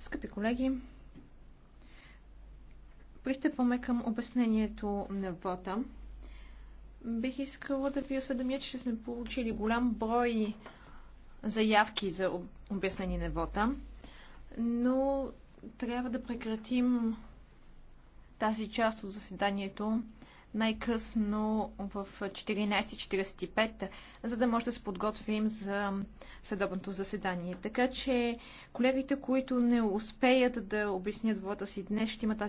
Скъпи колеги, пристъпваме към обяснението на вота. Бих искала да ви осведомя, че сме получили голям брой заявки за обяснение на вота, но трябва да прекратим тази част от заседанието най-късно в 14.45, за да може да се подготвим за съдобното заседание. Така че колегите, които не успеят да обяснят вода си днес, ще имат тази